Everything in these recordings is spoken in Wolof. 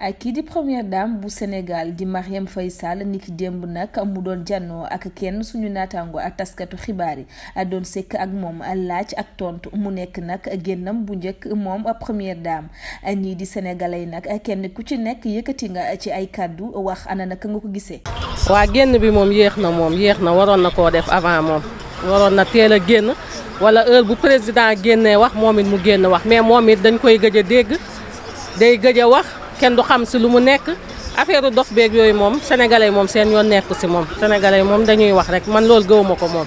ay kii di première dame bu Sénégal di Marième Faye Sall niki démb nag mu doon jànnoo ak kenn suñu naataango ak taskatu xibaar yi doon sekk ak moom laaj ak tontu mu nekk nag génnam bu njëkk moom première ay nii di sénégalais nag kenn ku ci nekk yëkkati nga ci ay kàddu wax ana naka nga ko gisee. waa génn bi moom yéex na moom yéex na waroon na koo def avant moom waroon na teel a génn wala heure bu président génnee wax moom it mu génn wax mais moom it dañ koy gëj a dégg kenn du xam si lu mu nekk affaire dof beeg yooyu moom sénégalais moom seen yoon nekku si moom sénégalais moom dañuy wax rek man loolu gëwuma ko moom.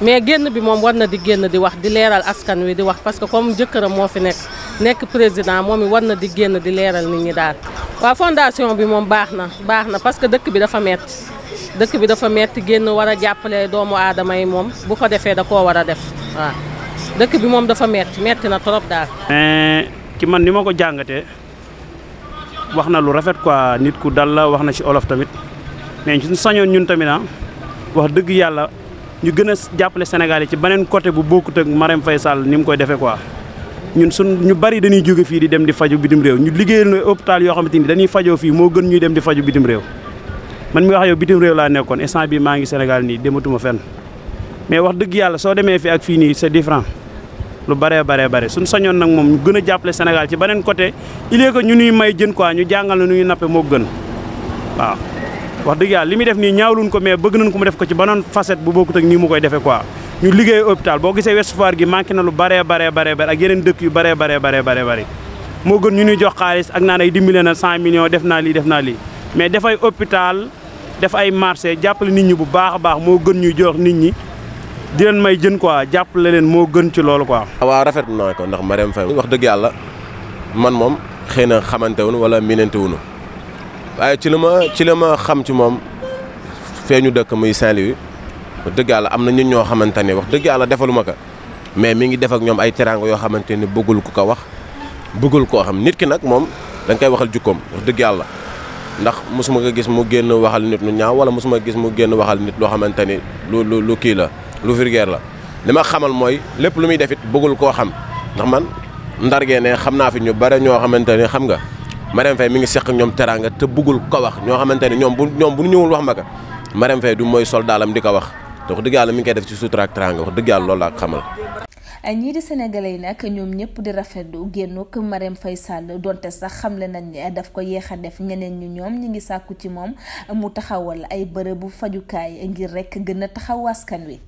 mais génn bi moom war na di génn di wax di leeral askan wi di wax parce que comme jëkkëram moo fi nekk nekk président moom i war na di génn di leeral nit ñi daal. waaw fondation bi moom baax na baax na parce que dëkk bi dafa metti dëkk bi dafa metti génn war a jàppale doomu aadama yi moom bu ko defee da koo war a def waaw dëkk bi moom dafa metti metti na trop daal. mais ci man ni ma ko jàngatee. wax na lu rafet quoi nit ku dal la wax na ci olof tamit mais ñu sañoon ñun tamit ah wax dëgg yàlla ñu gën a jàppale Sénégal yi ci beneen côté bu bokkut ak Marème fay Sall ni mu koy defee quoi. ñun sun ñu bari dañuy jóge fii di dem di faju bitim réew ñu liggéeyal na hôpital yoo xamante ni dañuy fajoo fii moo gën ñuy dem di faju bitim réew man mi wax yow bitim réew laa nekkoon instant bi maa ngi Sénégal nii dematuma fen mais wax dëgg yàlla soo demee fii ak fii nii c'est différent lu bëree baree bëri suñ sañoon nag moom gën a jàppale Sénégal ci beneen côté que ñu nuy may jën quoi ñu jàngal na ñuy nappe moo gën waaw wax dëgg yàlla li def nii ñaawluñ ko mais bëgg nañ ko mu def ko ci beneen facette bu bokkut ak mu koy defee quoi ñu liggéey hôpital boo gisee Ouest gi manqué na lu baree baree baree bëri ak yu baree baree baree baree moo gën ñu ñuy jox xaalis ak naan ay dimbale na cent millions def naa lii def naa lii mais dafay hôpital def ay marché jàppale nit ñi bu baax a baax moo gën ñu jox nit ñi di leen may jën quoi jàppale leen moo gën ci loolu ko quoi. rafet rafetlu naa ko ndax Marème Faye wax dëgg yàlla man moom xëy na xamante wuñu wala miinante wuñu waaye ci la ma ci la ma xam ci moom feeñu dëkk muy Saint-Louis wax dëgg yàlla am na ñun ñoo xamante ne wax dëgg yàlla defaluma ko mais mi ngi def ak ñoom ay teraanga yoo xamante ni bëggul ku ko wax bëggul koo xam nit ki nag moom da koy waxal jukkoom wax dëgg yàlla ndax mosuma ko gis mu génn waxal nit ñaaw wala mosuma gis mu génn waxal nit loo xamante ni lu kii la. lu vulgaire la li ma xamal mooy lépp lu muy def it bëggul koo xam ndax man ndargee ne xam naa fi ñu bare ñoo xamante ne xam nga Marème Faye mi ngi seq ñoom teraanga te bëggul ko wax ñoo xamante ne ñoom bu ñoom bu ñëwul wax ma ko Marème du mooy sol daalam di ko wax te wax dëgg yàlla mi ngi koy def ci sutura ak teraanga wax dëgg yàlla loolu laa ko xamal. ñii di sénégalais yi nag ñoom ñëpp di rafet du rafetlu génnuk Marème fay Sall donte sax xamle nañ ne daf ko yéex a def ñeneen ñi ñoom ñi ngi sàkku ci moom mu taxawal ay bërëbu fajukaay ngir rekk gën a taxaw wi.